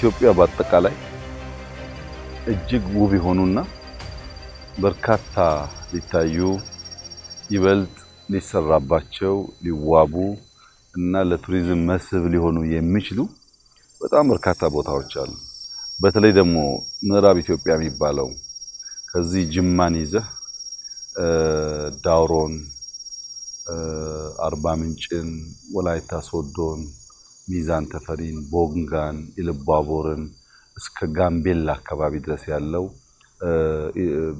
ኢትዮጵያ በአጠቃላይ እጅግ ውብ የሆኑና በርካታ ሊታዩ ይበልጥ ሊሰራባቸው ሊዋቡ እና ለቱሪዝም መስህብ ሊሆኑ የሚችሉ በጣም በርካታ ቦታዎች አሉ። በተለይ ደግሞ ምዕራብ ኢትዮጵያ የሚባለው ከዚህ ጅማን ይዘህ ዳውሮን፣ አርባ ምንጭን፣ ወላይታ ሶዶን ሚዛን ተፈሪን፣ ቦንጋን፣ ኢልባቦርን እስከ ጋምቤላ አካባቢ ድረስ ያለው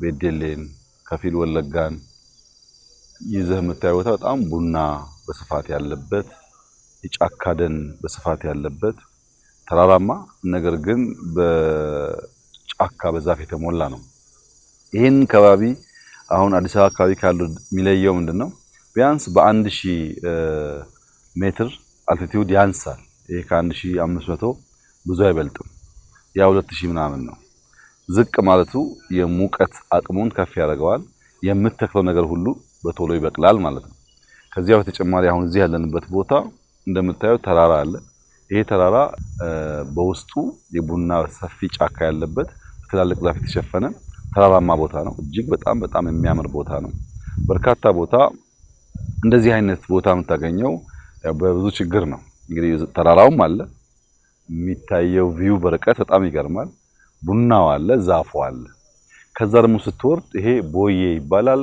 ቤደሌን ከፊል ወለጋን ይዘህ የምታየው ቦታ በጣም ቡና በስፋት ያለበት የጫካ ደን በስፋት ያለበት ተራራማ ነገር ግን በጫካ በዛፍ የተሞላ ነው። ይህን ከባቢ አሁን አዲስ አበባ አካባቢ ካሉ የሚለየው ምንድን ነው? ቢያንስ በአንድ ሺህ ሜትር አልቲቲዩድ ያንሳል። ይሄ ከ1500 ብዙ አይበልጥም። ያ 2000 ምናምን ነው። ዝቅ ማለቱ የሙቀት አቅሙን ከፍ ያደርገዋል። የምትተክለው ነገር ሁሉ በቶሎ ይበቅላል ማለት ነው። ከዚያ በተጨማሪ አሁን እዚህ ያለንበት ቦታ እንደምታዩት ተራራ አለ። ይሄ ተራራ በውስጡ የቡና ሰፊ ጫካ ያለበት ትላልቅ ዛፍ የተሸፈነ ተራራማ ቦታ ነው። እጅግ በጣም በጣም የሚያምር ቦታ ነው። በርካታ ቦታ እንደዚህ አይነት ቦታ የምታገኘው በብዙ ችግር ነው እንግዲህ ተራራውም አለ የሚታየው ቪው በርቀት በጣም ይገርማል። ቡናው አለ፣ ዛፉ አለ። ከዛ ደግሞ ስትወርድ ይሄ ቦዬ ይባላል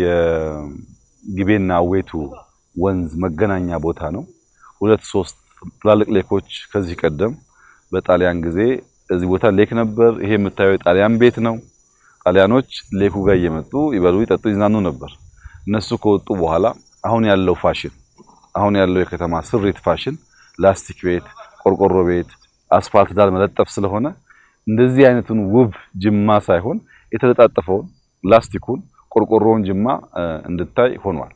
የግቤና አዌቱ ወንዝ መገናኛ ቦታ ነው። ሁለት ሶስት ትላልቅ ሌኮች ከዚህ ቀደም በጣሊያን ጊዜ እዚህ ቦታ ሌክ ነበር። ይሄ የምታየው የጣሊያን ቤት ነው። ጣሊያኖች ሌኩ ጋር እየመጡ ይበሉ፣ ይጠጡ፣ ይዝናኑ ነበር። እነሱ ከወጡ በኋላ አሁን ያለው ፋሽን አሁን ያለው የከተማ ስሪት ፋሽን ላስቲክ ቤት፣ ቆርቆሮ ቤት፣ አስፋልት ዳር መለጠፍ ስለሆነ እንደዚህ አይነቱን ውብ ጅማ ሳይሆን የተለጣጠፈውን ላስቲኩን ቆርቆሮውን ጅማ እንድታይ ሆኗል።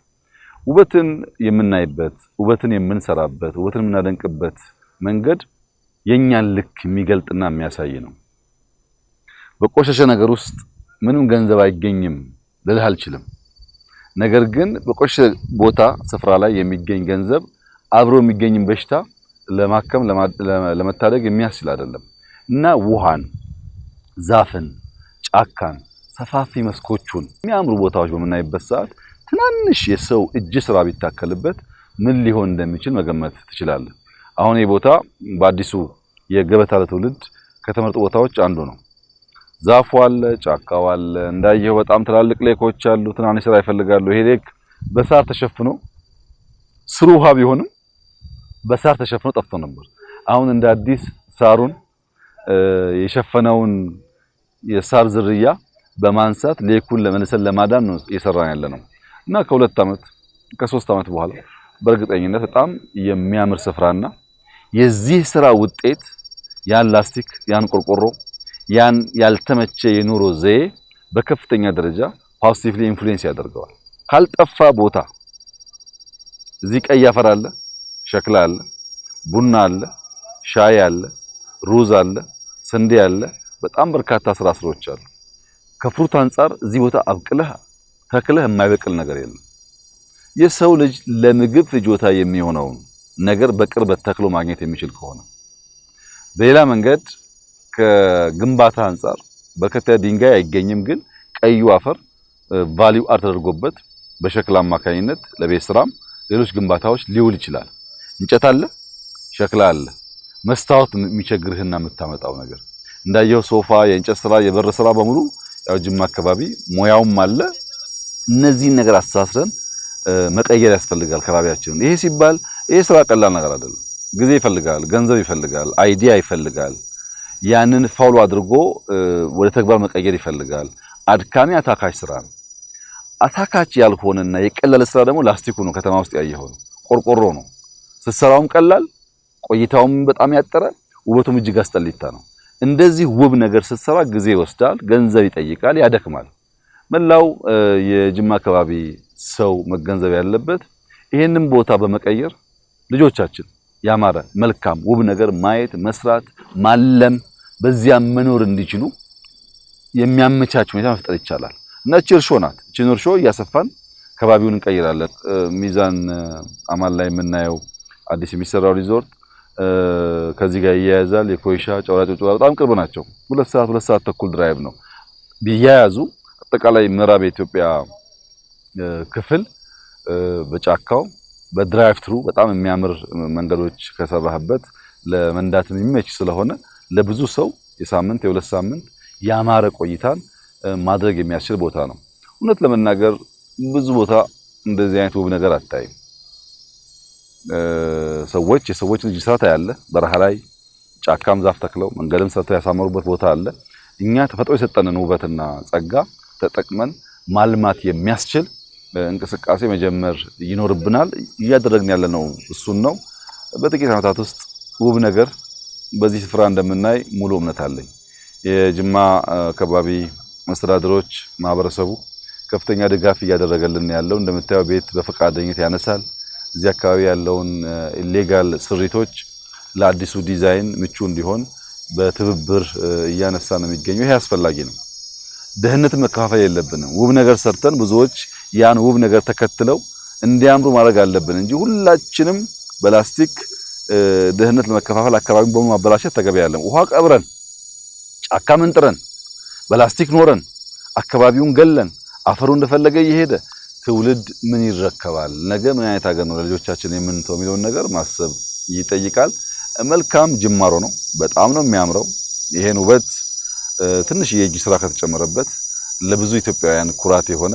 ውበትን የምናይበት ውበትን የምንሰራበት ውበትን የምናደንቅበት መንገድ የኛን ልክ የሚገልጥና የሚያሳይ ነው። በቆሸሸ ነገር ውስጥ ምንም ገንዘብ አይገኝም ልልህ አልችልም። ነገር ግን በቆሸሸ ቦታ ስፍራ ላይ የሚገኝ ገንዘብ አብሮ የሚገኝን በሽታ ለማከም ለመታደግ የሚያስችል አይደለም እና ውሃን፣ ዛፍን፣ ጫካን፣ ሰፋፊ መስኮቹን የሚያምሩ ቦታዎች በምናይበት ሰዓት ትናንሽ የሰው እጅ ስራ ቢታከልበት ምን ሊሆን እንደሚችል መገመት ትችላለህ። አሁን ይህ ቦታ በአዲሱ የገበታ ለትውልድ ከተመረጡ ቦታዎች አንዱ ነው። ዛፉ አለ፣ ጫካው አለ። እንዳየው በጣም ትላልቅ ሌኮች አሉ፣ ትናንሽ ስራ ይፈልጋሉ። ይሄ ሌክ በሳር ተሸፍኖ ስሩ ውሃ ቢሆንም በሳር ተሸፍኖ ጠፍቶ ነበር። አሁን እንደ አዲስ ሳሩን የሸፈነውን የሳር ዝርያ በማንሳት ሌኩን ለመልሰን ለማዳን ነው እየሰራን ያለ ነው እና ከሁለት ዓመት ከሶስት ዓመት በኋላ በእርግጠኝነት በጣም የሚያምር ስፍራና የዚህ ስራ ውጤት ያን ላስቲክ ያን ቆርቆሮ ያን ያልተመቸ የኑሮ ዘዬ በከፍተኛ ደረጃ ፖዚቲቭሊ ኢንፍሉዌንስ ያደርገዋል። ካልጠፋ ቦታ እዚህ ቀይ አፈር አለ፣ ሸክላ አለ፣ ቡና አለ፣ ሻይ አለ፣ ሩዝ አለ፣ ስንዴ አለ፣ በጣም በርካታ ስራ ስሮች አሉ። ከፍሩት አንጻር እዚህ ቦታ አብቅለህ ተክለህ የማይበቅል ነገር የለም። የሰው ልጅ ለምግብ ፍጆታ የሚሆነውን ነገር በቅርበት ተክሎ ማግኘት የሚችል ከሆነ በሌላ መንገድ ከግንባታ አንጻር በርከት ድንጋይ አይገኝም፣ ግን ቀዩ አፈር ቫልዩ አር ተደርጎበት በሸክላ አማካኝነት ለቤት ስራም ሌሎች ግንባታዎች ሊውል ይችላል። እንጨት አለ፣ ሸክላ አለ። መስታወት የሚቸግርህና የምታመጣው ነገር እንዳየው ሶፋ፣ የእንጨት ስራ፣ የበር ስራ በሙሉ ያው ጅማ አካባቢ ሙያውም አለ። እነዚህን ነገር አስተሳስረን መቀየር ያስፈልጋል ከባቢያችንን። ይሄ ሲባል ይሄ ስራ ቀላል ነገር አይደለም። ጊዜ ይፈልጋል፣ ገንዘብ ይፈልጋል፣ አይዲያ ይፈልጋል። ያንን ፋውሎ አድርጎ ወደ ተግባር መቀየር ይፈልጋል። አድካሚ አታካች ስራ ነው። አታካች ያልሆነና የቀለለ ስራ ደግሞ ላስቲኩ ነው። ከተማ ውስጥ ያየኸው ቆርቆሮ ነው። ስትሰራውም ቀላል፣ ቆይታውም በጣም ያጠረ፣ ውበቱም እጅግ አስጠሊታ ነው። እንደዚህ ውብ ነገር ስትሰራ ጊዜ ይወስዳል፣ ገንዘብ ይጠይቃል፣ ያደክማል። መላው የጅማ አካባቢ ሰው መገንዘብ ያለበት ይህንን ቦታ በመቀየር ልጆቻችን ያማረ መልካም ውብ ነገር ማየት መስራት ማለም፣ በዚያም መኖር እንዲችሉ የሚያመቻች ሁኔታ መፍጠር ይቻላል እና እቺ እርሾ ናት። እቺን እርሾ እያሰፋን ከባቢውን እንቀይራለን። ሚዛን አማል ላይ የምናየው አዲስ የሚሰራው ሪዞርት ከዚህ ጋር ይያያዛል። የኮይሻ ጨውራ ጭብጨባ በጣም ቅርብ ናቸው። ሁለት ሰዓት ሁለት ሰዓት ተኩል ድራይቭ ነው። ቢያያዙ አጠቃላይ ምዕራብ የኢትዮጵያ ክፍል በጫካው በድራይቭ ትሩ በጣም የሚያምር መንገዶች ከሰራህበት ለመንዳት የሚመች ስለሆነ ለብዙ ሰው የሳምንት የሁለት ሳምንት ያማረ ቆይታን ማድረግ የሚያስችል ቦታ ነው። እውነት ለመናገር ብዙ ቦታ እንደዚህ አይነት ውብ ነገር አታይም። ሰዎች የሰዎች ልጅ ስራ ያለ በረሃ ላይ ጫካም ዛፍ ተክለው መንገድም ሰርተው ያሳመሩበት ቦታ አለ። እኛ ተፈጥሮ የሰጠንን ውበትና ጸጋ ተጠቅመን ማልማት የሚያስችል እንቅስቃሴ መጀመር ይኖርብናል። እያደረግን ያለነው እሱን ነው። በጥቂት ዓመታት ውስጥ ውብ ነገር በዚህ ስፍራ እንደምናይ ሙሉ እምነት አለኝ። የጅማ አካባቢ መስተዳድሮች ማህበረሰቡ ከፍተኛ ድጋፍ እያደረገልን ያለው እንደምታየው ቤት በፈቃደኝነት ያነሳል። እዚህ አካባቢ ያለውን ኢሌጋል ስሪቶች ለአዲሱ ዲዛይን ምቹ እንዲሆን በትብብር እያነሳ ነው የሚገኘው። ይሄ አስፈላጊ ነው። ድህነትን መከፋፈል የለብንም። ውብ ነገር ሰርተን ብዙዎች ያን ውብ ነገር ተከትለው እንዲያምሩ ማድረግ አለብን እንጂ ሁላችንም በላስቲክ ድህነት ለመከፋፈል አካባቢን በሙሉ ማበላሸት ተገቢ ውሃ ቀብረን ጫካ መንጥረን በላስቲክ ኖረን አካባቢውን ገለን አፈሩ እንደፈለገ እየሄደ ትውልድ ምን ይረከባል? ነገ ምን አይነት ሀገር ነው ለልጆቻችን የምንተው የሚለውን ነገር ማሰብ ይጠይቃል። መልካም ጅማሮ ነው። በጣም ነው የሚያምረው። ይሄን ውበት ትንሽ የእጅ ስራ ከተጨመረበት ለብዙ ኢትዮጵያውያን ኩራት የሆነ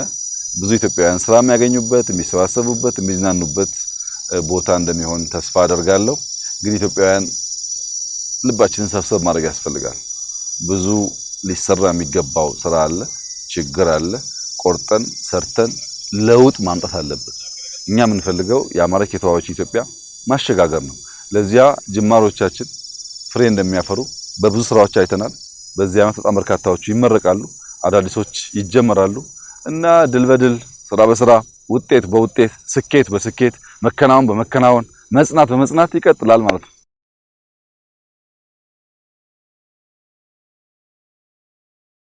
ብዙ ኢትዮጵያውያን ስራ የሚያገኙበት፣ የሚሰባሰቡበት፣ የሚዝናኑበት ቦታ እንደሚሆን ተስፋ አደርጋለሁ። እንግዲህ ኢትዮጵያውያን ልባችንን ሰብሰብ ማድረግ ያስፈልጋል። ብዙ ሊሰራ የሚገባው ስራ አለ፣ ችግር አለ። ቆርጠን ሰርተን ለውጥ ማምጣት አለብን። እኛ የምንፈልገው የአማራ ኬተዋዎች ኢትዮጵያ ማሸጋገር ነው። ለዚያ ጅማሮቻችን ፍሬ እንደሚያፈሩ በብዙ ስራዎች አይተናል። በዚህ ዓመት በጣም በርካታዎቹ ይመረቃሉ፣ አዳዲሶች ይጀመራሉ እና ድል በድል ስራ በስራ ውጤት በውጤት ስኬት በስኬት መከናወን በመከናወን መጽናት በመጽናት ይቀጥላል ማለት ነው።